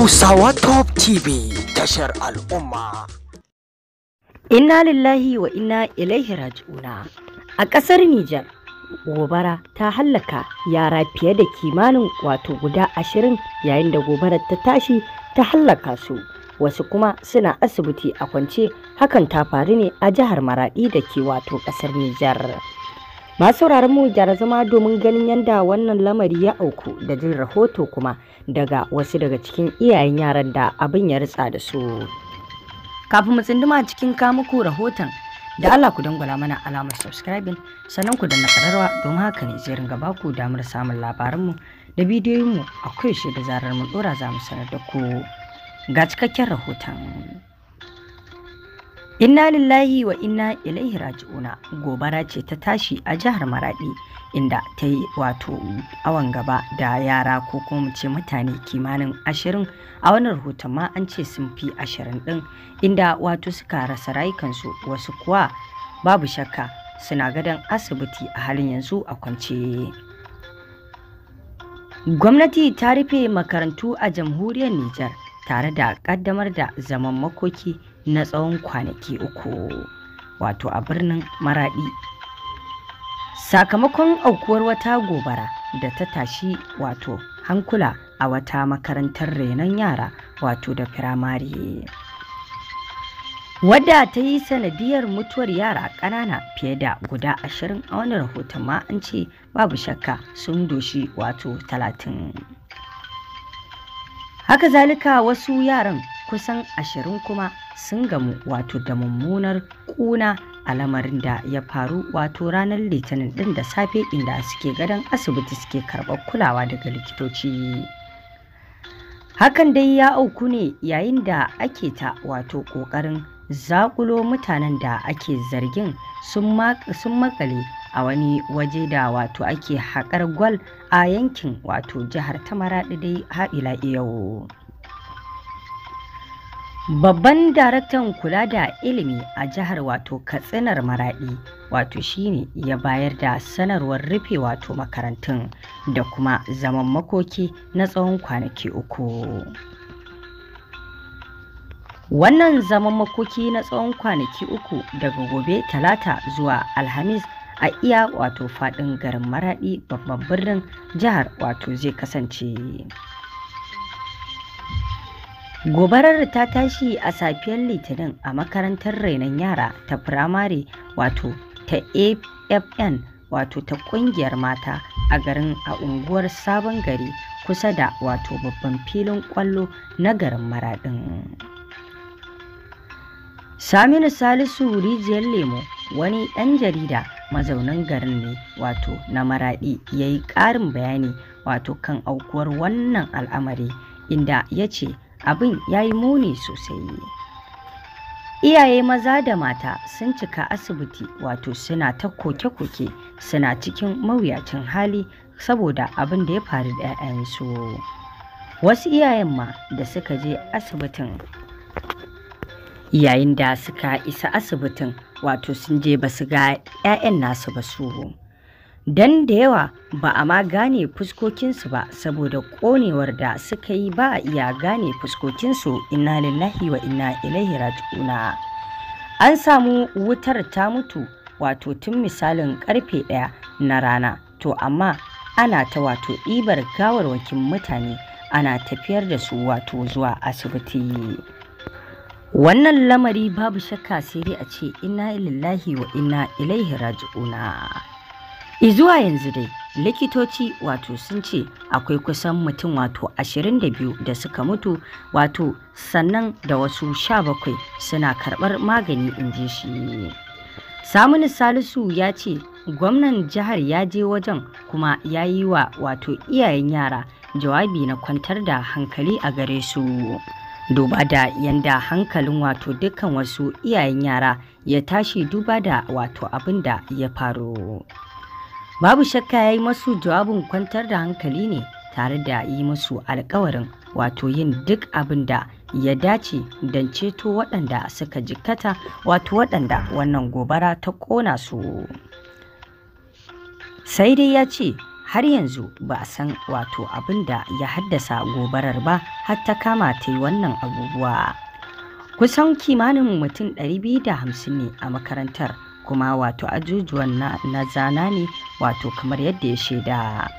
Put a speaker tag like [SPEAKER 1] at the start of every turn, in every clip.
[SPEAKER 1] Hausawa Top TV tashar al'umma.
[SPEAKER 2] Inna lillahi wa inna ilaihi raji'una. A ƙasar Nijar, gobara ta hallaka yara fiye da kimanin wato guda ashirin yayin da gobara ta tashi ta hallaka su. Wasu kuma suna asibiti a kwance hakan ta faru ne a jihar Maraɗi da ke wato ƙasar Nijar. masu wuraren mu gyara zama domin ganin yadda wannan lamari ya auku da jin rahoto kuma daga wasu daga cikin iyayen yaran da abin ya ritsa da su kafin mu tsinduma cikin kamuku rahoton da Allah ku dangwala mana alamar subscribing sannan ku danna kararwa don haka ne zai ringa baku damar samun labaranmu da bidiyoyinmu akwai shi da zarar mu dora za mu sanar da ku ga cikakken rahoton Inna lillahi wa inna ilaihi raji'una gobara ce ta tashi a jihar Maradi inda ta yi wato awan gaba da yara ko kuma ce mutane kimanin ashirin a wani rahoton ma an ce sun fi ashirin ɗin inda wato suka rasa rayukansu wasu kuwa babu shakka suna gadon asibiti a halin yanzu a kwance. Gwamnati ta rufe makarantu a jamhuriyar Nijar tare da ƙaddamar da zaman makoki na tsawon kwanaki uku wato a birnin maradi sakamakon aukuwar wata gobara da ta tashi wato hankula a wata makarantar renon yara wato da firamare wadda ta yi sanadiyar mutuwar yara ƙanana fiye da guda ashirin a wani rahoton ma an ce babu shakka sun doshi wato talatin haka zalika wasu yaran kusan ashirin kuma sun gamu wato da mummunar kuna a lamarin da ya faru wato ranar litinin din da safe inda suke gadon asibiti suke karɓar kulawa daga likitoci hakan dai ya auku ne yayin da ake ta wato ƙoƙarin zakulo mutanen da ake zargin sun makale a wani waje da wato ake haƙar gwal a yankin wato jihar ta maraɗi dai ha'ila yau Babban daraktan kula da ilimi a jihar wato Katsinar Maradi wato shine ya bayar da sanarwar rufe wato makarantun da kuma zaman makoki na tsawon kwanaki uku. Wannan zaman makoki na tsawon kwanaki uku daga gobe talata zuwa Alhamis a iya wato faɗin garin Maradi babban birnin jihar wato zai kasance. gobarar ta tashi a safiyar litinin a makarantar rainon yara ta firamare wato ta afn wato ta kungiyar mata a garin a unguwar sabon gari kusa da wato babban filin kwallo na garin maradin saminu salisu rijiyar lemo wani ɗan jarida mazaunin garin ne wato na maraɗi ya yi ƙarin bayani wato kan aukuwar wannan al'amari inda ya ce abin ya yi muni sosai iyaye maza da mata sun cika asibiti wato suna ta koke-koke suna cikin mawuyacin hali saboda abin da ya faru da 'ya'yansu wasu iyayen ma da suka je asibitin yayin da suka isa asibitin wato sun je ba su ga 'ya'yan nasu ba su Dan da yawa ba a ma gane fuskokinsu ba saboda konewar da suka yi ba a iya gane fuskokinsu inna lillahi wa inna ilaihi raji'una an samu wutar ta mutu wato tun misalin karfe ɗaya na rana to amma ana ta wato ɗibar gawarwakin mutane ana tafiyar da su wato zuwa asibiti wannan lamari babu shakka sai dai a ce inna lillahi wa inna ilaihi raji'una Izuwa yanzu dai likitoci wato sun ce akwai kusan mutum wato 22 da suka mutu wato sannan da wasu 17 suna karɓar magani in ji shi. Saminu Salisu ya ce gwamnan jihar ya je wajen kuma ya yi wa wato iyayen yara jawabi na kwantar da hankali a gare su. Duba da yanda hankalin wato dukkan wasu iyayen yara ya tashi duba da wato abin da ya faru. babu shakka ya yi masu jawabin kwantar da hankali ne tare da yi masu alkawarin wato yin duk abin da ya dace don ceto waɗanda suka jikkata wato waɗanda wannan gobara ta ƙona su sai dai ya ce har yanzu ba a san wato abin da ya haddasa gobarar ba har ta kama ta yi wannan abubuwa kusan kimanin mutum 250 ne a makarantar kuma wato ajujuwan na zana ne wato kamar yadda ya shaida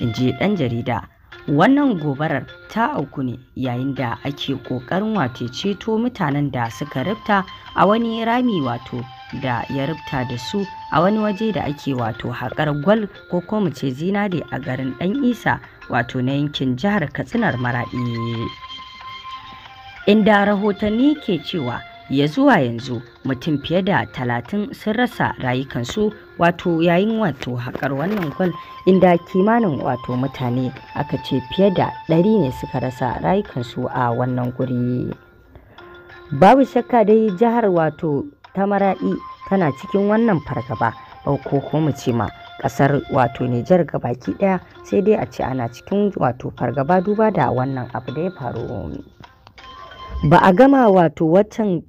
[SPEAKER 2] in ji ɗan jarida wannan gobarar ta auku ne yayin da ake ƙoƙarin wato ceto mutanen da suka rufta a wani rami wato da ya rufta da su a wani waje da ake wato haƙar gwal ko ko mu ce zinare a garin ɗan isa wato na yankin jihar katsinar maraɗi inda rahotanni ke cewa ya zuwa yanzu mutum fiye da talatin sun rasa rayukansu wato yayin wato haƙar wannan gwal inda kimanin wato mutane aka ce fiye da ɗari ne suka rasa rayukansu a wannan guri babu shakka dai jihar wato ta maraɗi tana cikin wannan fargaba ko kuma ce ma Ƙasar wato Nijar ga baki ɗaya sai dai a ce ana cikin wato fargaba duba da wannan abu da ya faru ba a gama wato waccan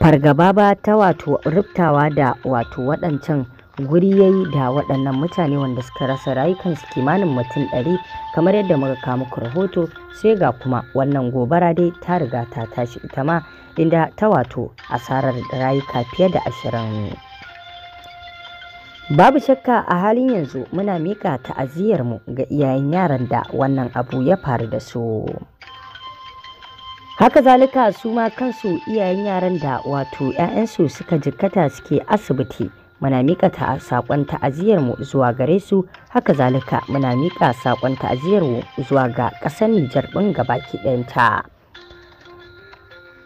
[SPEAKER 2] fargaba ba ta wato rubtawa da wato waɗancan guri yayi da waɗannan mutane wanda suka rasa rayukansu kimanin mutum ɗari kamar yadda muka kamu rahoto sai ga kuma wannan gobara dai ta riga ta tashi ita ma inda ta wato asarar rayuka fiye da ashirin babu shakka a halin yanzu muna miƙa ta'aziyarmu ga iyayen yaran da wannan abu ya faru da su haka zalika su ma kansu iyayen yaran da wato 'ya'yansu suka jikkata suke asibiti muna miƙa ta saƙon ta'aziyar mu zuwa gare su haka zalika muna miƙa saƙon ta'aziyar mu zuwa ga ƙasar Nijar ɗin gaba ɗayanta.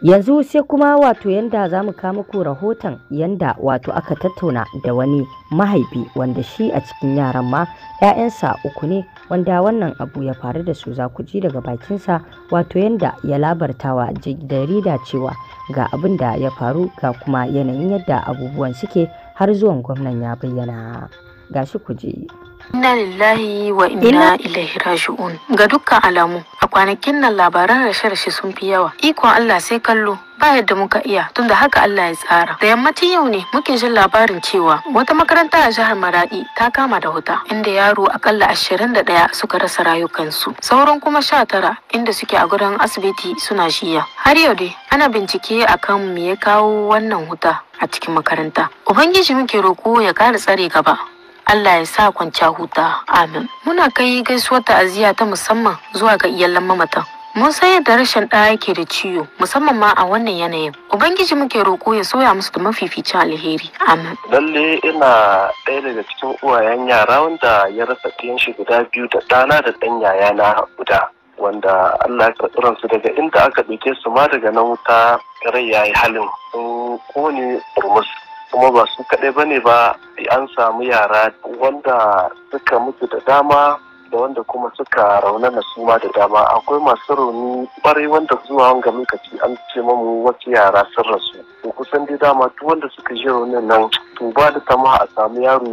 [SPEAKER 2] Yanzu sai kuma wato yanda za mu kawo muku rahoton yanda wato aka tattauna da wani mahaifi wanda shi a cikin yaran ma 'ya'yansa uku ne wanda wannan abu ya faru da su za ji daga bakinsa wato yadda ya labarta wa jarida cewa ga abin da ya faru ga kuma yanayin yadda abubuwan suke har zuwan gwamnan ya bayyana ga shi kuje
[SPEAKER 3] Inna lillahi wa inna ilaihi raji'un. Ga dukkan alamu, a kwanakin nan labaran rashe-rashe sun fi yawa. Ikon Allah sai kallo. ba yadda muka iya tunda haka Allah ya tsara. Da yammacin yau ne muke jin labarin cewa wata makaranta a jihar Maradi ta kama da wuta inda yaro akalla ashirin da ɗaya suka rasa rayukansu. Sauran kuma sha tara inda suke a gurin asibiti suna jiya. Har yau dai ana bincike akan me ya kawo wannan wuta a cikin makaranta. Ubangiji muke roko ya kara tsare gaba. Allah ya sa kwanciya huta amin muna kai gaisuwar ta'aziya ta musamman zuwa ga iyalan mamata mun san yadda rashin ɗa yake da ciwo musamman ma a wannan yanayin ubangiji muke roƙo ya soya musu da mafificin alheri
[SPEAKER 1] amin lalle ina ɗaya daga cikin uwayen yara wanda ya rasa ɗiyan shi guda biyu da ɗana da ɗan yaya na guda wanda Allah ya karɓi su daga inda aka ɗauke su ma daga nan wuta rai ya yi halin Ko kone burmus kuma ba su kaɗai ba ne ba an samu yara wanda suka mutu da dama da wanda kuma suka rauna na suma da dama akwai masu rauni kwarai wanda zuwa wanga lokaci an ce mamu wasu yara sun rasu to kusan dai dama duk wanda suka ji raunin nan to ba da tama a samu yaro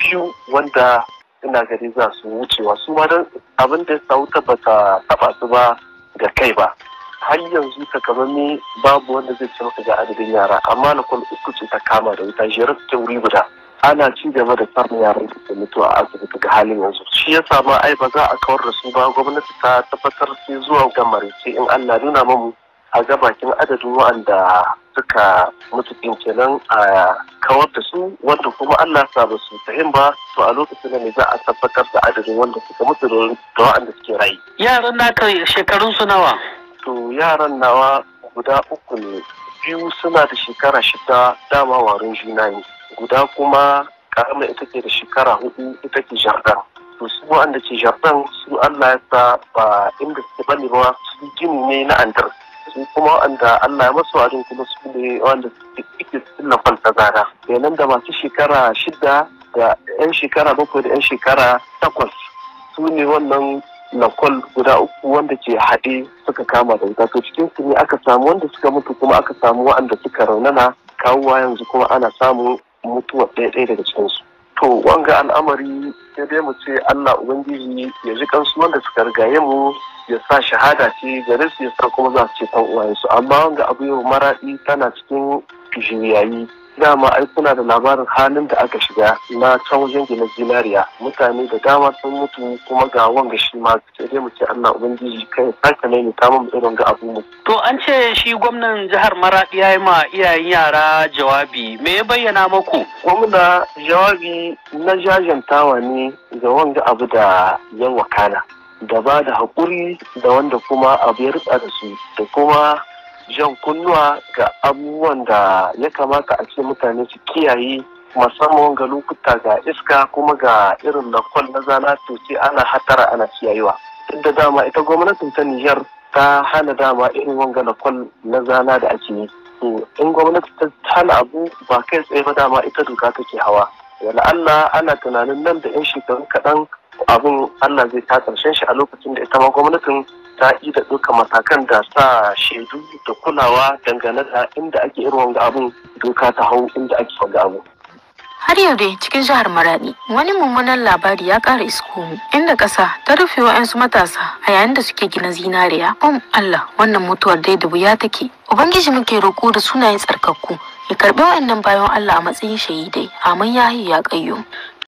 [SPEAKER 1] biyu wanda ina gari za su wucewa su ma don abin da ya samu tabbata taɓa su ba ga kai ba har yanzu takamamme babu wanda zai ce ga adadin yara amma na kwan uku ce ta kama da wuta jerar ta wuri guda ana ci gaba da samun yaran da ke mutuwa a asibiti ga halin yanzu shi ya samu ai ba za a kawar da su ba gwamnati ta tabbatar sai zuwa ga marice in Allah nuna mamu a gabakin adadin wa'anda suka mutu kenan a kawar da su wanda kuma Allah sa ba su fahim ba to a lokacin ne za a tabbatar da adadin wanda suka mutu da wa'anda suke rayu yaran naka shekarun su nawa To yaran nawa guda uku ne biyu suna da shekara shida dama warin juna ne guda kuma karama ita ke da shekara hudu ita ke jardin to su wanda ke jardin su allah ya sa ba inda suke bane ba su gini ne na andar su kuma wanda allah ya masu wajen kuma su ne wanda suke cikin na kwanta zara kenan da masu shekara shida da yan shekara bakwai da yan shekara takwas su ne wannan lakol guda uku wanda ke haɗe suka kama da wuta to cikin su ne aka samu wanda suka mutu kuma aka samu waɗanda suka raunana kawuwa yanzu kuma ana samun mutuwa ɗaya ɗaya daga cikin su to wanga al'amari sai dai mu ce Allah ubangiji ya ji kansu wanda suka rigaye mu ya sa shahada ce gare su ya sa kuma za su ce san uwayensu amma wanga abu yau maraɗi tana cikin jiriyayi dama ai kuna da labarin halin da aka shiga na can wajen gina zinariya mutane da dama sun mutu kuma ga wanga shi ma sai dai mu ce Allah ubangiji kai haka ne ta mu irin ga abu to an ce shi gwamnan jihar Maradi ya yi ma iyayen yara jawabi me ya bayyana maku gwamna jawabi na jajantawa ne ga wanga abu da yan wakana da ba da haƙuri da wanda kuma abu ya rutsa da su da kuma jan kunnuwa ga abubuwan da ya kamata a ce mutane su kiyaye musamman ga lokuta ga iska kuma ga irin kwal na zana ce ana hatara ana kiyayewa duk da dama ita gwamnatin ta nijar ta hana dama irin wanga kwal na zana da ake yi to in gwamnati ta hana abu ba kai tsaye ba dama ita doka take hawa wala Allah ana tunanin nan da 'yan shekaru kaɗan abin Allah zai ta ƙarshen shi a lokacin da ita ma gwamnatin yi da ɗauka matakan da sa shaidu da kulawa dangane da inda ake irin wanga abun doka ta hau inda ake wanga abu.
[SPEAKER 3] Har yau dai cikin jihar Maradi wani mummunan labari ya ƙara isko mu inda ƙasa ta rufe wa'yansu matasa a yayin da suke gina zinariya. Um Allah wannan mutuwar dai da wuya take. Ubangiji muke roƙo da sunayen tsarkakku ya karɓi wa'annan bayan Allah a matsayin shahidai. Amin ya ya ƙayyo.